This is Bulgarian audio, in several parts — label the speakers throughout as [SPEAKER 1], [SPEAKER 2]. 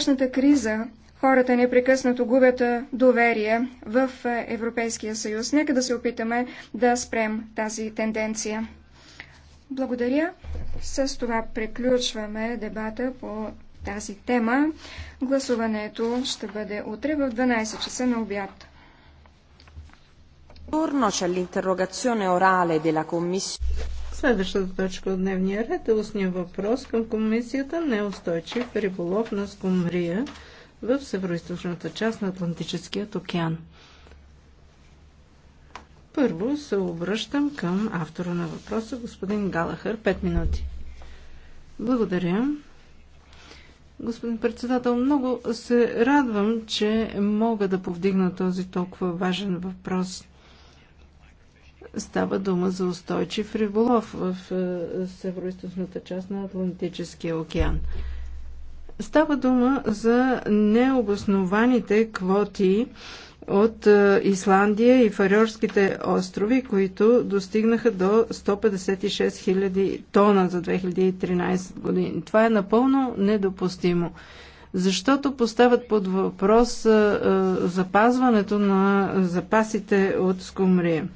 [SPEAKER 1] сегашната криза хората непрекъснато губят доверие в Европейския съюз. Нека да се опитаме да спрем тази тенденция. Благодаря. С това приключваме дебата по тази тема. Гласуването ще бъде утре в 12 часа на обяд. Turno c'è l'interrogazione orale della Commissione. Следващата
[SPEAKER 2] точка от дневния ред е устния въпрос към Комисията Неустойчив риболов на скумрия в североизточната част на Атлантическият океан. Първо се обръщам към автора на въпроса, господин Галахър. Пет минути. Благодаря. Господин председател, много се радвам, че мога да повдигна този толкова важен въпрос. Става дума за устойчив риболов в е, североизточната част на Атлантическия океан. Става дума за необоснованите квоти от е, Исландия и Фарьорските острови, които достигнаха до 156 000 тона за 2013 години. Това е напълно недопустимо, защото поставят под въпрос е, запазването на запасите от скумрия.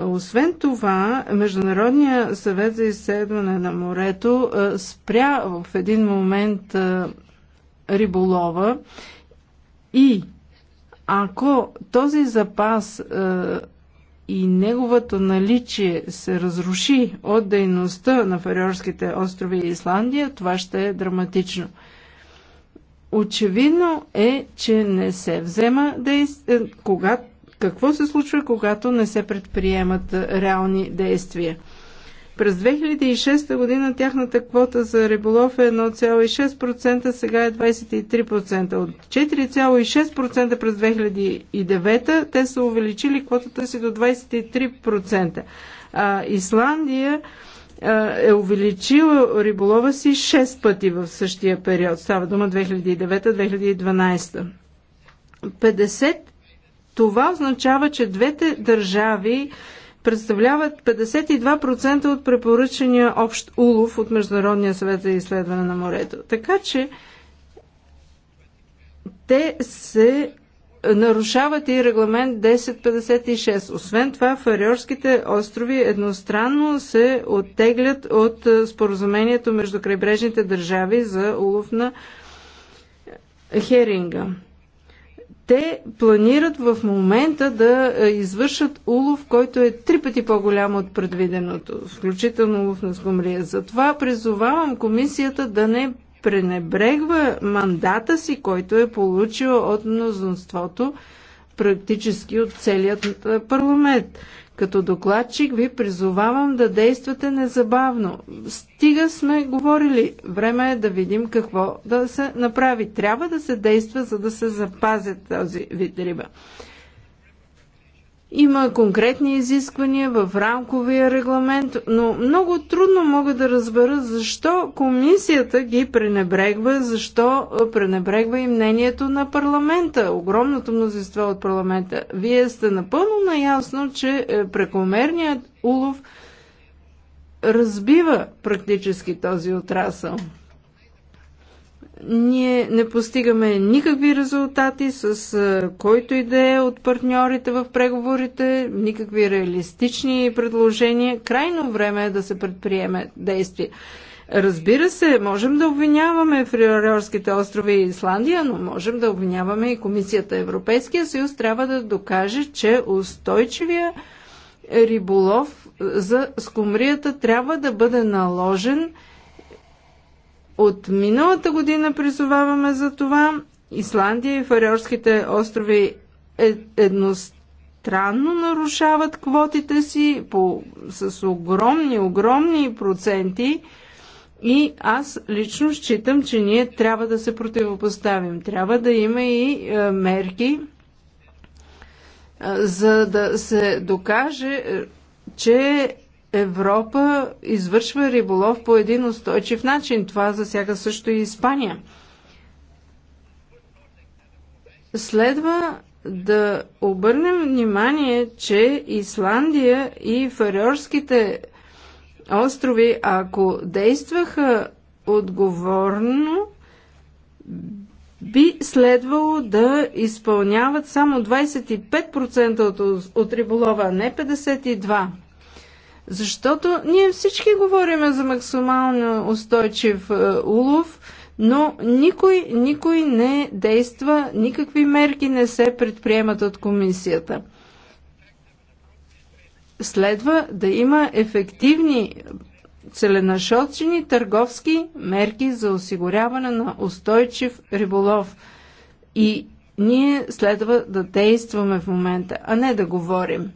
[SPEAKER 2] Освен това, Международния съвет за изследване на морето спря в един момент риболова и ако този запас и неговото наличие се разруши от дейността на Фариорските острови и Исландия, това ще е драматично. Очевидно е, че не се взема действие, когато какво се случва, когато не се предприемат реални действия? През 2006 година тяхната квота за риболов е 1,6%, сега е 23%. От 4,6% през 2009 те са увеличили квотата си до 23%. А Исландия е увеличила риболова си 6 пъти в същия период. Става дума 2009-2012. 50 това означава, че двете държави представляват 52% от препоръчения общ улов от Международния съвет за изследване на морето. Така че те се нарушават и регламент 1056. Освен това, Фариорските острови едностранно се оттеглят от е, споразумението между крайбрежните държави за улов на херинга те планират в момента да е, извършат улов, който е три пъти по-голям от предвиденото, включително улов на скумрия. Затова призовавам комисията да не пренебрегва мандата си, който е получил от мнозинството практически от целият е, парламент. Като докладчик ви призовавам да действате незабавно. Стига сме говорили. Време е да видим какво да се направи. Трябва да се действа, за да се запазят този вид риба. Има конкретни изисквания в рамковия регламент, но много трудно мога да разбера защо комисията ги пренебрегва, защо пренебрегва и мнението на парламента, огромното мнозинство от парламента. Вие сте напълно наясно, че е, прекомерният улов разбива практически този отрасъл ние не постигаме никакви резултати с който и да е от партньорите в преговорите, никакви реалистични предложения. Крайно време е да се предприеме действие. Разбира се, можем да обвиняваме Фриорорските острови и Исландия, но можем да обвиняваме и Комисията Европейския съюз. Трябва да докаже, че устойчивия риболов за скумрията трябва да бъде наложен – от миналата година призоваваме за това. Исландия и Фариорските острови е, едностранно нарушават квотите си по, с огромни, огромни проценти. И аз лично считам, че ние трябва да се противопоставим. Трябва да има и е, мерки, е, за да се докаже, че Европа извършва риболов по един устойчив начин. Това засяга също и Испания. Следва да обърнем внимание, че Исландия и Фариорските острови, ако действаха отговорно, би следвало да изпълняват само 25% от, от риболова, а не 52%. Защото ние всички говорим за максимално устойчив е, улов, но никой, никой не действа, никакви мерки не се предприемат от комисията. Следва да има ефективни целенашочени търговски мерки за осигуряване на устойчив риболов. И ние следва да действаме в момента, а не да говорим.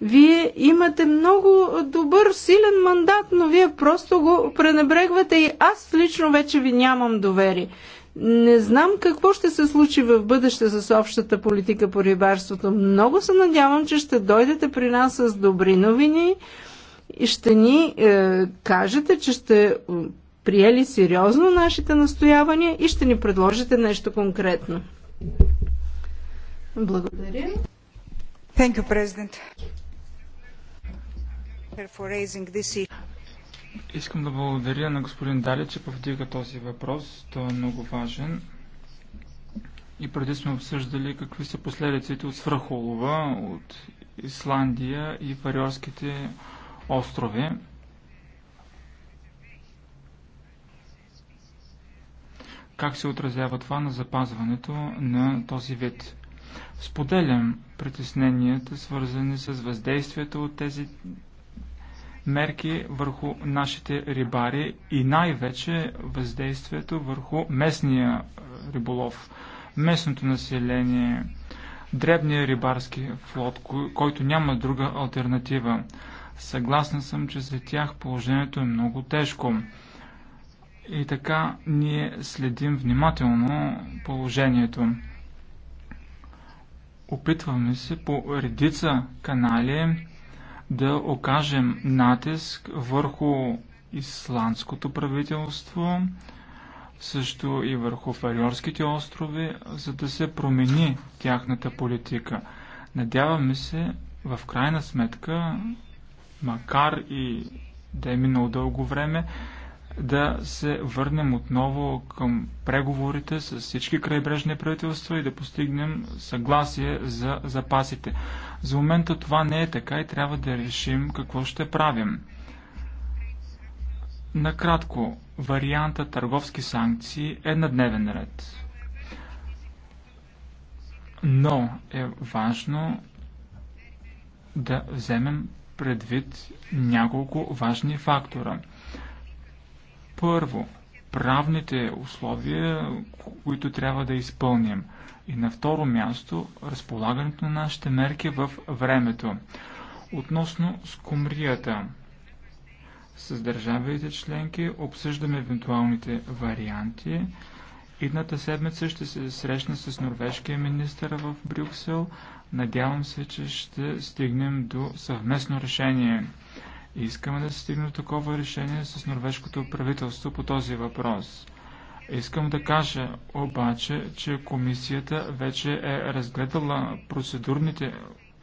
[SPEAKER 2] Вие имате много добър, силен мандат, но вие просто го пренебрегвате и аз лично вече ви нямам доверие. Не знам какво ще се случи в бъдеще с общата политика по рибарството. Много се надявам, че ще дойдете при нас с добри новини и ще ни е, кажете, че ще приели сериозно нашите настоявания и ще ни предложите нещо конкретно. Благодаря.
[SPEAKER 1] Thank you, President.
[SPEAKER 3] Искам да благодаря на господин Дали, че повдига този въпрос. Той е много важен. И преди сме обсъждали какви са последиците от свръхолова, от Исландия и Фариорските острови. Как се отразява това на запазването на този вид? Споделям притесненията, свързани с въздействието от тези мерки върху нашите рибари и най-вече въздействието върху местния е, риболов, местното население, дребния рибарски флот, който няма друга альтернатива. Съгласна съм, че за тях положението е много тежко. И така ние следим внимателно положението. Опитваме се по редица канали да окажем натиск върху исландското правителство, също и върху Фариорските острови, за да се промени тяхната политика. Надяваме се, в крайна сметка, макар и да е минало дълго време, да се върнем отново към преговорите с всички крайбрежни правителства и да постигнем съгласие за запасите. За момента това не е така и трябва да решим какво ще правим. Накратко, варианта търговски санкции е на дневен ред. Но е важно да вземем предвид няколко важни фактора. Първо, правните условия, които трябва да изпълним. И на второ място, разполагането на нашите мерки в времето. Относно скумрията с държавите членки обсъждаме евентуалните варианти. Идната седмица ще се срещна с норвежкия министър в Брюксел. Надявам се, че ще стигнем до съвместно решение и искаме да се стигне такова решение с норвежкото правителство по този въпрос. Искам да кажа обаче, че комисията вече е разгледала процедурните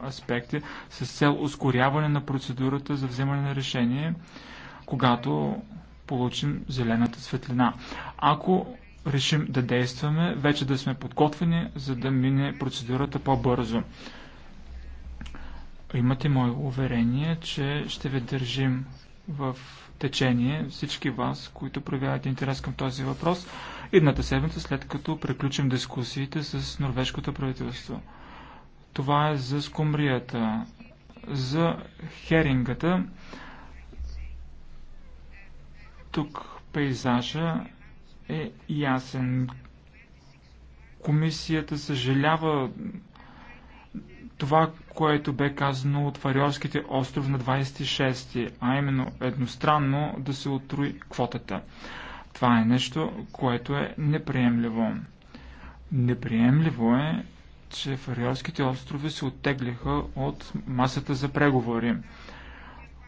[SPEAKER 3] аспекти с цел ускоряване на процедурата за вземане на решение, когато получим зелената светлина. Ако решим да действаме, вече да сме подготвени, за да мине процедурата по-бързо. Имате мое уверение, че ще ви държим в течение всички вас, които проявявате интерес към този въпрос, едната седмица след като приключим дискусиите с норвежкото правителство. Това е за скумрията, за херингата. Тук пейзажа е ясен. Комисията съжалява това, което бе казано от Фариорските остров на 26, а именно едностранно да се отруи квотата. Това е нещо, което е неприемливо. Неприемливо е, че Фариорските острови се оттегляха от масата за преговори.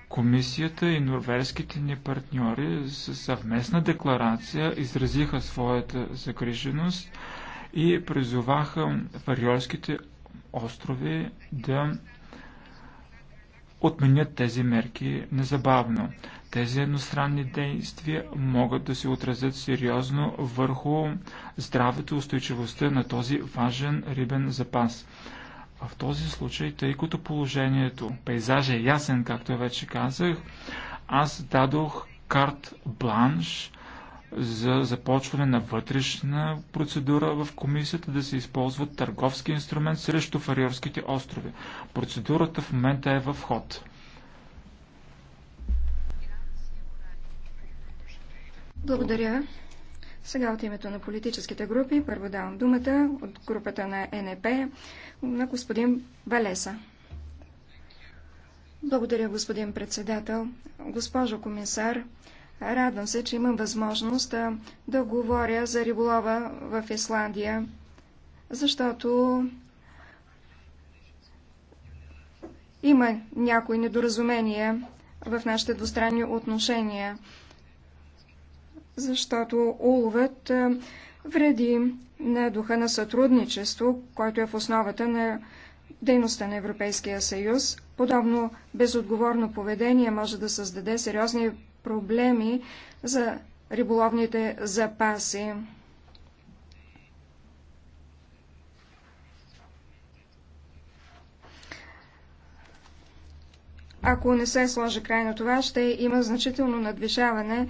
[SPEAKER 3] Комисията и норвежските ни партньори със съвместна декларация изразиха своята загриженост и призоваха Фариорските острови да отменят тези мерки незабавно. Тези едностранни действия могат да се отразят сериозно върху здравето и устойчивостта на този важен рибен запас. в този случай, тъй като положението, пейзажа е ясен, както вече казах, аз дадох карт бланш за започване на вътрешна процедура в комисията да се използва търговски инструмент срещу Фариорските острови. Процедурата в момента е в ход.
[SPEAKER 1] Благодаря. Сега от името на политическите групи първо давам думата от групата на НП на господин Валеса. Благодаря, господин председател. Госпожо комисар, Радвам се, че имам възможност да, да говоря за риболова в Исландия, защото има някои недоразумения в нашите двустранни отношения, защото уловът вреди на духа на сътрудничество, който е в основата на дейността на Европейския съюз. Подобно безотговорно поведение може да създаде сериозни проблеми за риболовните запаси. Ако не се сложи край на това, ще има значително надвишаване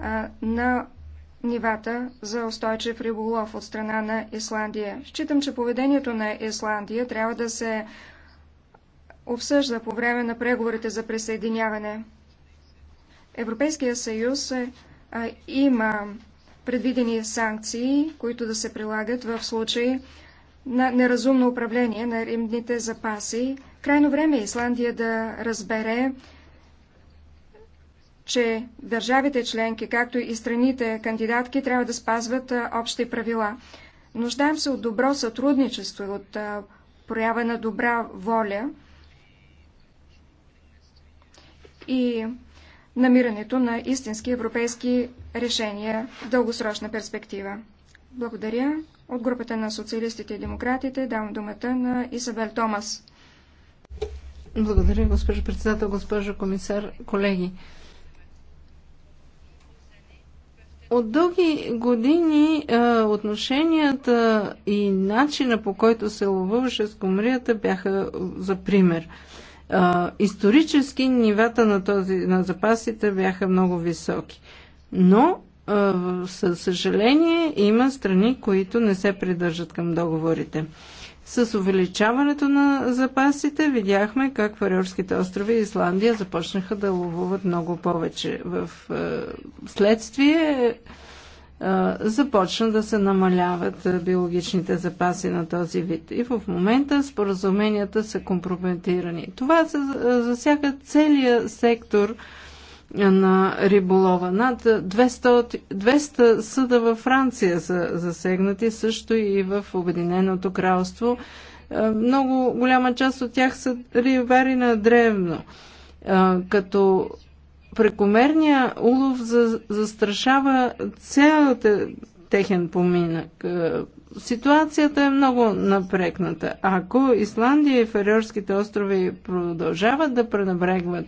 [SPEAKER 1] а, на нивата за устойчив риболов от страна на Исландия. Считам, че поведението на Исландия трябва да се обсъжда по време на преговорите за присъединяване. Европейския съюз е, има предвидени санкции, които да се прилагат в случай на неразумно управление на римните запаси. Крайно време е Исландия да разбере, че държавите членки, както и страните кандидатки, трябва да спазват общи правила. Нуждаем се от добро сътрудничество, от проява на добра воля и намирането на истински европейски решения в дългосрочна перспектива. Благодаря. От групата на социалистите и демократите давам думата на Исабел Томас. Благодаря, госпожо председател, госпожо комисар, колеги.
[SPEAKER 2] От дълги години а, отношенията и начина по който се ловуваше с комрията бяха за пример а, исторически нивата на, този, на запасите бяха много високи. Но, а, със съжаление, има страни, които не се придържат към договорите. С увеличаването на запасите видяхме как Фариорските острови и Исландия започнаха да ловуват много повече. В следствие започна да се намаляват биологичните запаси на този вид. И в момента споразуменията са компрометирани. Това се засяга целият сектор на риболова. Над 200, 200 съда във Франция са засегнати, също и в Обединеното кралство. Много голяма част от тях са рибари на древно. Като прекомерния улов за, застрашава целият техен поминък. Е, ситуацията е много напрекната. Ако Исландия и Фариорските острови продължават да пренебрегват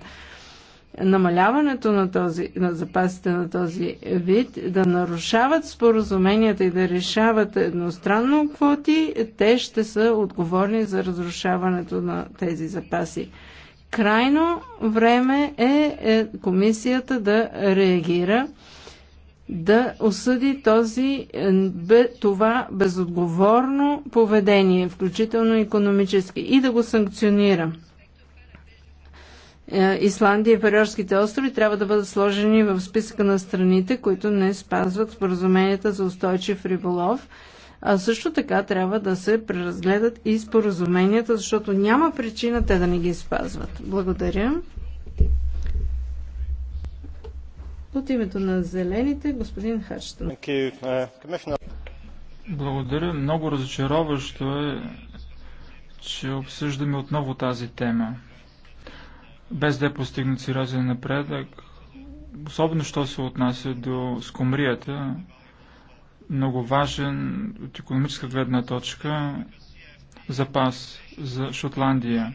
[SPEAKER 2] намаляването на, този, на запасите на този вид, да нарушават споразуменията и да решават едностранно квоти, те ще са отговорни за разрушаването на тези запаси. Крайно време е, е комисията да реагира, да осъди този, е, това безотговорно поведение, включително економически, и да го санкционира. Е, Исландия и Фарерските острови трябва да бъдат сложени в списъка на страните, които не спазват споразуменията за устойчив риболов а също така трябва да се преразгледат и споразуменията, защото няма причина те да не ги спазват. Благодаря. От името на зелените, господин Хачтон.
[SPEAKER 3] Uh, Благодаря. Много разочароващо е, че обсъждаме отново тази тема. Без да е постигнат сериозен напредък, особено що се отнася до скумрията, много важен от економическа гледна точка запас за Шотландия.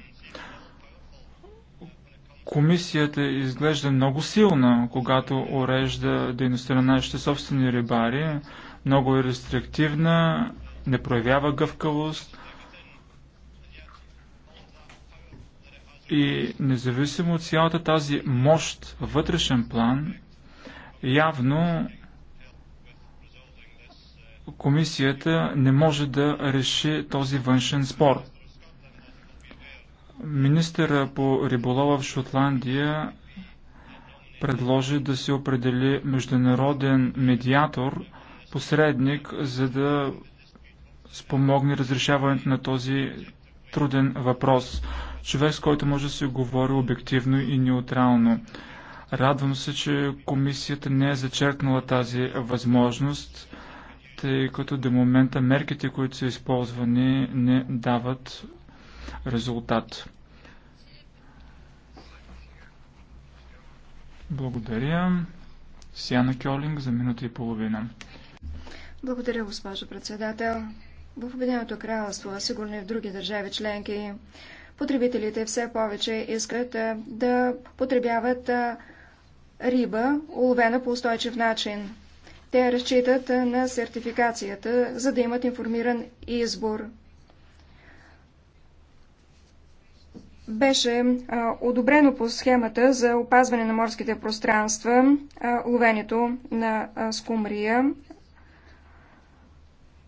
[SPEAKER 3] Комисията изглежда много силна, когато урежда дейността на нашите собствени рибари. Много е рестриктивна, не проявява гъвкавост и независимо от цялата тази мощ вътрешен план, явно комисията не може да реши този външен спор. Министъра по риболова в Шотландия предложи да се определи международен медиатор, посредник, за да спомогне разрешаването на този труден въпрос. Човек, с който може да се говори обективно и неутрално. Радвам се, че комисията не е зачеркнала тази възможност тъй като до момента мерките, които са използвани, не дават резултат. Благодаря. Сиана Кьолинг за минута и половина.
[SPEAKER 1] Благодаря, госпожо председател. В Обединеното кралство, а сигурно и в други държави членки, потребителите все повече искат да потребяват риба, уловена по устойчив начин. Те разчитат на сертификацията, за да имат информиран избор. Беше а, одобрено по схемата за опазване на морските пространства а, ловенето на а, скумрия.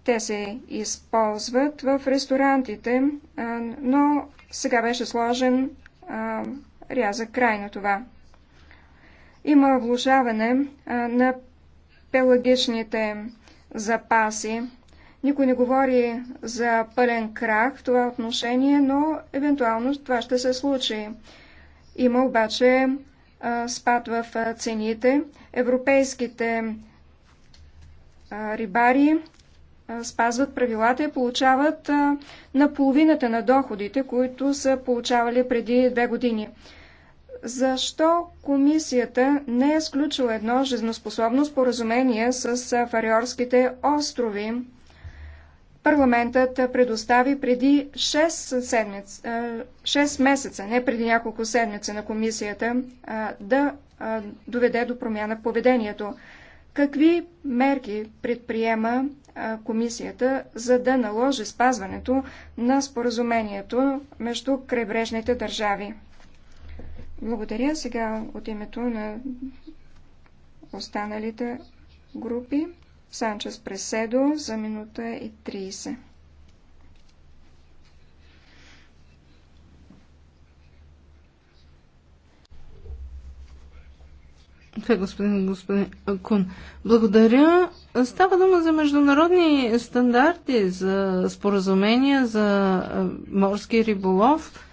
[SPEAKER 1] Те се използват в ресторантите, а, но сега беше сложен а, рязък край на това. Има влушаване а, на пелагичните запаси. Никой не говори за пълен крах в това отношение, но евентуално това ще се случи. Има обаче спад в цените. Европейските рибари спазват правилата и получават наполовината на доходите, които са получавали преди две години. Защо комисията не е сключила едно жизнеспособно споразумение с Фариорските острови? Парламентът предостави преди 6, седмиц, 6 месеца, не преди няколко седмици на комисията, да доведе до промяна в поведението. Какви мерки предприема комисията, за да наложи спазването на споразумението между крайбрежните държави? Благодаря сега от името на останалите групи. Санчес Преседо за минута и 30. Е, господин,
[SPEAKER 2] господин Кун. Благодаря. Става дума за международни стандарти, за споразумения, за е, морски риболов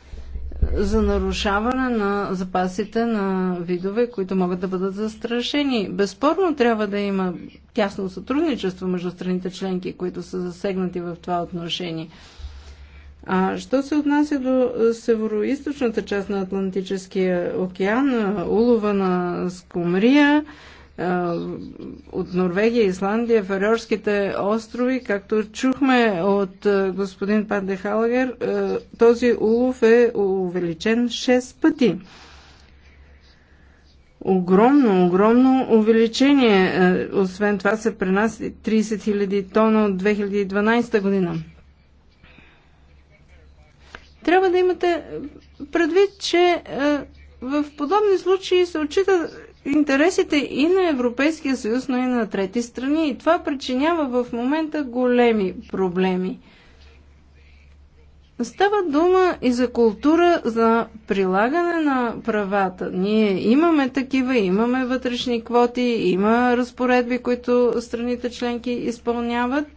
[SPEAKER 2] за нарушаване на запасите на видове, които могат да бъдат застрашени. Безспорно трябва да има тясно сътрудничество между страните членки, които са засегнати в това отношение. А що се отнася до североизточната част на Атлантическия океан, улова на скумрия, от Норвегия, Исландия, Фарерските острови, както чухме от господин Пандехалагер, Халагер, този улов е увеличен 6 пъти. Огромно, огромно увеличение. Освен това се пренаси 30 000 тона от 2012 година. Трябва да имате предвид, че в подобни случаи се отчита интересите и на Европейския съюз, но и на трети страни. И това причинява в момента големи проблеми. Става дума и за култура, за прилагане на правата. Ние имаме такива, имаме вътрешни квоти, има разпоредби, които страните членки изпълняват –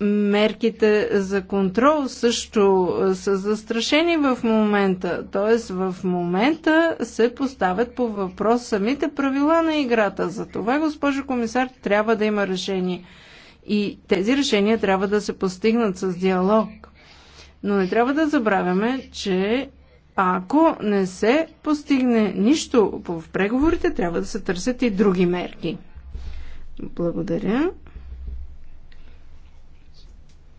[SPEAKER 2] мерките за контрол също са застрашени в момента. Т.е. в момента се поставят по въпрос самите правила на играта. За това, госпожо комисар, трябва да има решение. И тези решения трябва да се постигнат с диалог. Но не трябва да забравяме, че ако не се постигне нищо в преговорите, трябва да се търсят и други мерки. Благодаря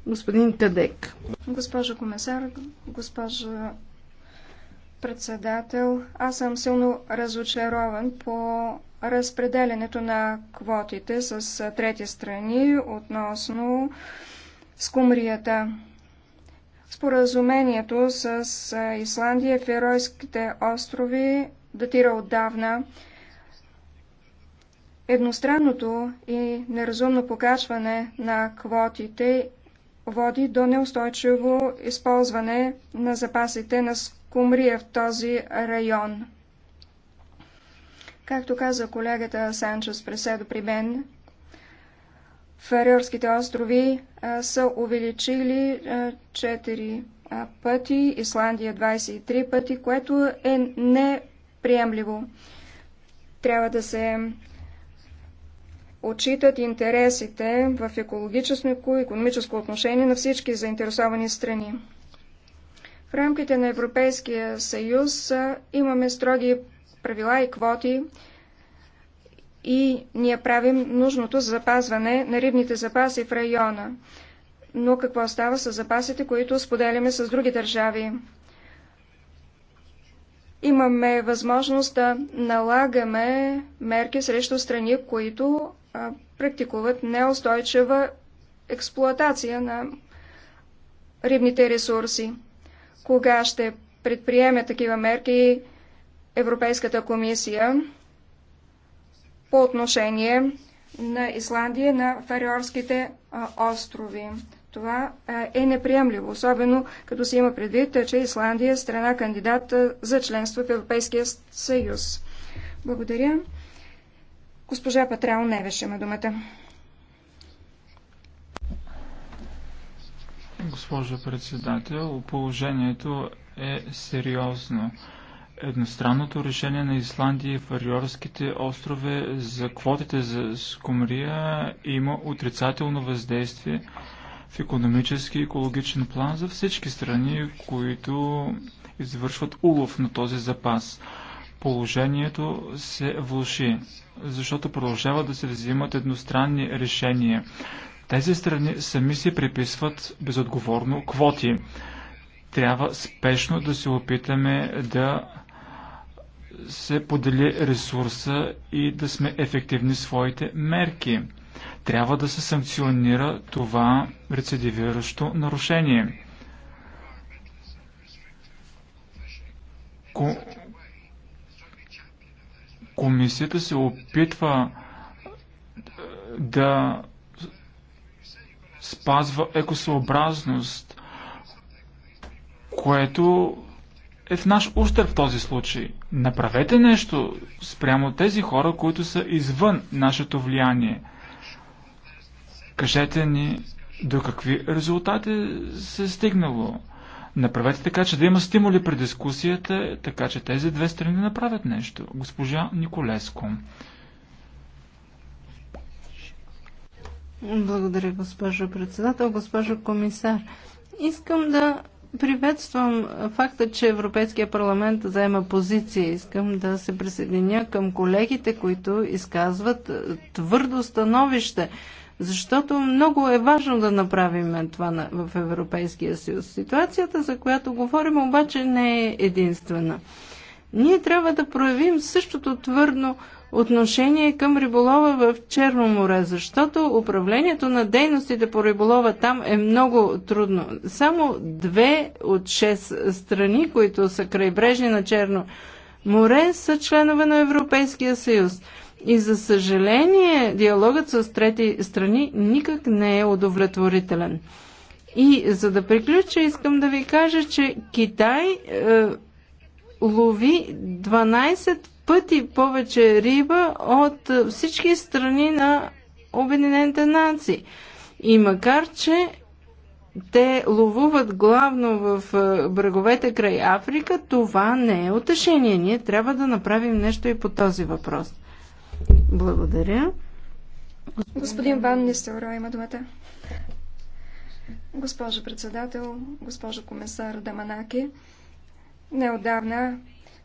[SPEAKER 2] господин Тадек.
[SPEAKER 1] Госпожо комисар, госпожа председател, аз съм силно разочарован по разпределянето на квотите с трети страни относно скумрията. Споразумението с Исландия, Феройските острови датира отдавна. Едностранното и неразумно покачване на квотите води до неустойчиво използване на запасите на скумрия в този район. Както каза колегата Санчес Преседо при мен, Фарерските острови а, са увеличили а, 4 пъти, Исландия 23 пъти, което е неприемливо. Трябва да се отчитат интересите в екологическо и економическо отношение на всички заинтересовани страни. В рамките на Европейския съюз имаме строги правила и квоти и ние правим нужното за запазване на рибните запаси в района. Но какво става с запасите, които споделяме с други държави? Имаме възможност да налагаме мерки срещу страни, които практикуват неустойчива експлоатация на рибните ресурси. Кога ще предприеме такива мерки Европейската комисия по отношение на Исландия на Фариорските острови? Това е неприемливо, особено като се има предвид, че Исландия е страна кандидат за членство в Европейския съюз. Благодаря. Госпожа не беше има думата.
[SPEAKER 3] Госпожо председател, положението е сериозно. Едностранното решение на Исландия и Фариорските острове за квотите за скумрия има отрицателно въздействие в економически и екологичен план за всички страни, които извършват улов на този запас положението се влуши, защото продължават да се взимат едностранни решения. Тези страни сами си приписват безотговорно квоти. Трябва спешно да се опитаме да се подели ресурса и да сме ефективни своите мерки. Трябва да се санкционира това рецидивиращо нарушение. Комисията се опитва е, да спазва екосъобразност, което е в наш устър в този случай. Направете нещо спрямо тези хора, които са извън нашето влияние. Кажете ни до какви резултати се е стигнало. Направете така, че да има стимули при дискусията, така че тези две страни направят нещо. Госпожа Николеско.
[SPEAKER 2] Благодаря, госпожо председател. Госпожо комисар, искам да приветствам факта, че Европейския парламент заема позиция. Искам да се присъединя към колегите, които изказват твърдо становище защото много е важно да направим това в Европейския съюз. Ситуацията, за която говорим, обаче не е единствена. Ние трябва да проявим същото твърдно отношение към риболова в Черно море, защото управлението на дейностите по риболова там е много трудно. Само две от шест страни, които са крайбрежни на Черно море, са членове на Европейския съюз. И за съжаление, диалогът с трети страни никак не е удовлетворителен. И за да приключа, искам да ви кажа, че Китай е, лови 12 пъти повече риба от е, всички страни на Обединените нации. И макар, че те ловуват главно в е, бреговете край Африка, това не е утешение. Ние трябва да направим нещо и по този въпрос. Благодаря.
[SPEAKER 1] Господин Ван Нистелро има думата. Госпожо председател, госпожо комисар Даманаки, неодавна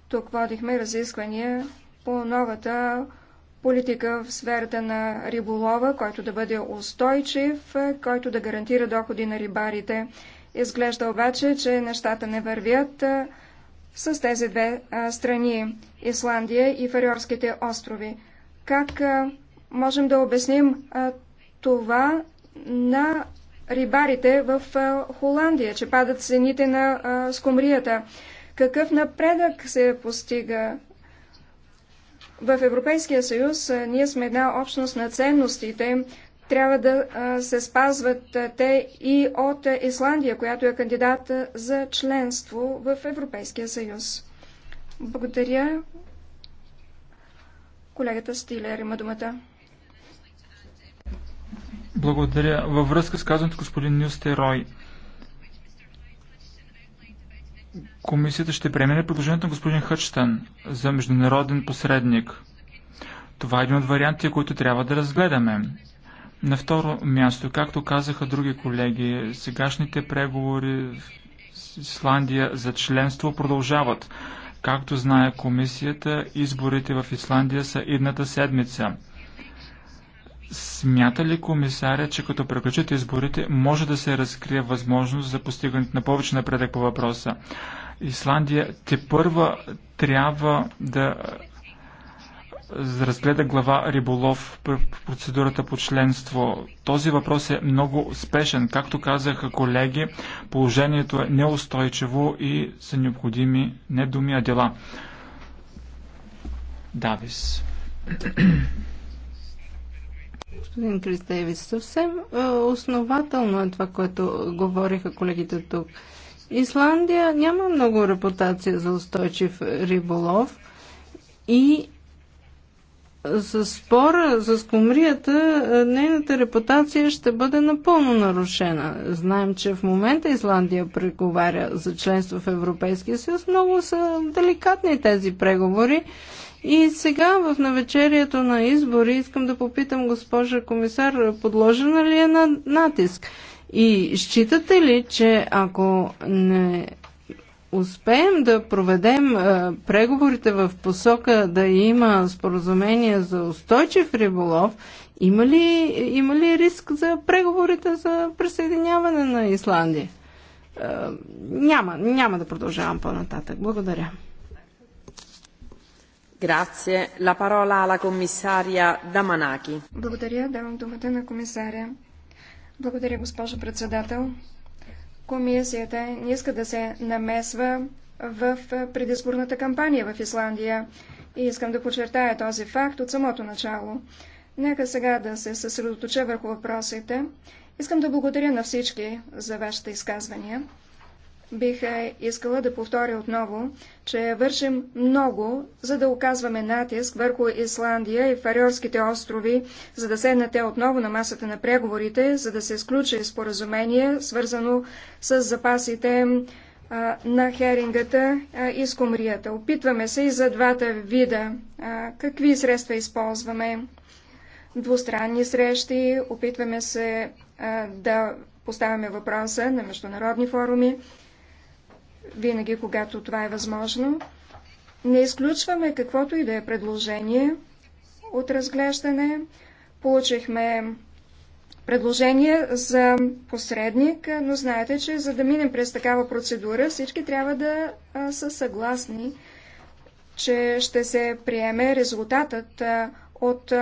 [SPEAKER 1] тук водихме разисквания по новата политика в сферата на риболова, който да бъде устойчив, който да гарантира доходи на рибарите. Изглежда обаче, че нещата не вървят с тези две страни – Исландия и Фариорските острови. Как можем да обясним това на рибарите в Холандия, че падат цените на скумрията? Какъв напредък се постига в Европейския съюз ние сме една общност на ценностите. Трябва да се спазват те и от Исландия, която е кандидат за членство в Европейския съюз. Благодаря, Колегата Стилер има думата.
[SPEAKER 3] Благодаря. Във връзка с казването господин Нюстерой, комисията ще приеме ли предложението на господин Хъчтън за международен посредник? Това е един от вариантите, които трябва да разгледаме. На второ място, както казаха други колеги, сегашните преговори с Исландия за членство продължават. Както знае комисията, изборите в Исландия са идната седмица. Смята ли комисаря, че като приключат изборите, може да се разкрие възможност за постигане на повече напредък по въпроса? Исландия те първа трябва да разгледа глава Риболов в процедурата по членство. Този въпрос е много спешен. Както казаха колеги, положението е неустойчиво и са необходими не думи, а дела. Давис.
[SPEAKER 2] Господин Крис Дейвис, съвсем е, основателно е това, което говориха колегите тук. Исландия няма много репутация за устойчив риболов и с спора за комрията е, нейната репутация ще бъде напълно нарушена. Знаем, че в момента Исландия преговаря за членство в Европейския съюз. Много са деликатни тези преговори. И сега в навечерието на избори искам да попитам госпожа комисар, подложена ли е на натиск? И считате ли, че ако не успеем да проведем а, е, преговорите в посока да има споразумение за устойчив риболов, има ли, има ли риск за преговорите за присъединяване на Исландия? А, е, няма, няма да продължавам по-нататък. Благодаря. Grazie. La parola alla commissaria Damanaki.
[SPEAKER 1] Благодаря. Давам думата на комисаря. Благодаря, госпожо председател. Комисията не иска да се намесва в предизборната кампания в Исландия. И искам да подчертая този факт от самото начало. Нека сега да се съсредоточа върху въпросите. Искам да благодаря на всички за вашите изказвания бих е, искала да повторя отново, че вършим много, за да оказваме натиск върху Исландия и Фариорските острови, за да седнете те отново на масата на преговорите, за да се сключи споразумение, свързано с запасите на херингата и скумрията. Опитваме се и за двата вида. какви средства използваме? Двустранни срещи, опитваме се да поставяме въпроса на международни форуми винаги когато това е възможно. Не изключваме каквото и да е предложение от разглеждане. Получихме предложение за посредник, но знаете, че за да минем през такава процедура, всички трябва да са съгласни, че ще се приеме резултатът от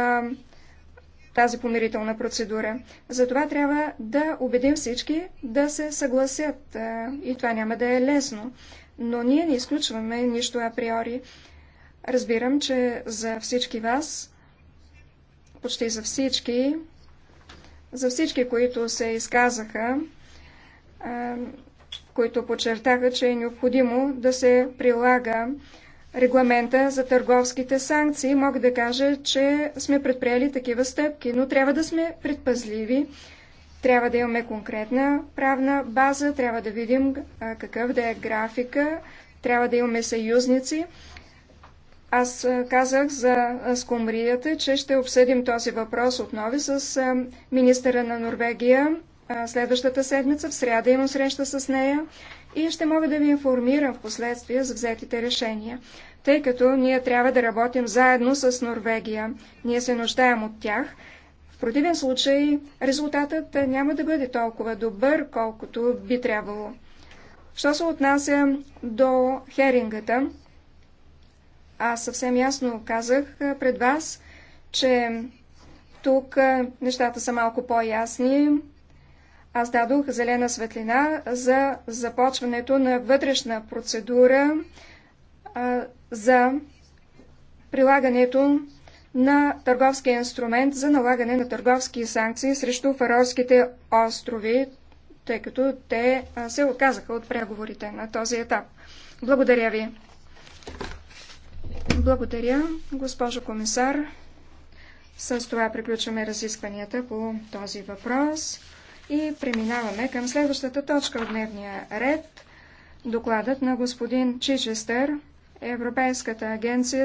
[SPEAKER 1] тази помирителна процедура. Затова трябва да убедим всички да се съгласят и това няма да е лесно. Но ние не изключваме нищо априори. Разбирам, че за всички вас, почти за всички, за всички, които се изказаха, които подчертаха, че е необходимо да се прилага регламента за търговските санкции, мога да кажа, че сме предприели такива стъпки, но трябва да сме предпазливи, трябва да имаме конкретна правна база, трябва да видим какъв да е графика, трябва да имаме съюзници. Аз казах за скумрията, че ще обсъдим този въпрос отново с министъра на Норвегия следващата седмица. В сряда имам среща с нея и ще мога да ви информирам в последствие за взетите решения, тъй като ние трябва да работим заедно с Норвегия. Ние се нуждаем от тях. В противен случай резултатът няма да бъде толкова добър, колкото би трябвало. Що се отнася до херингата, аз съвсем ясно казах пред вас, че тук нещата са малко по-ясни. Аз дадох зелена светлина за започването на вътрешна процедура а, за прилагането на търговския инструмент за налагане на търговски санкции срещу фаролските острови, тъй като те се оказаха от преговорите на този етап. Благодаря ви. Благодаря, госпожо комисар. С това приключваме разискванията по този въпрос. И преминаваме към следващата точка от дневния ред. Докладът на господин Чичестър, Европейската агенция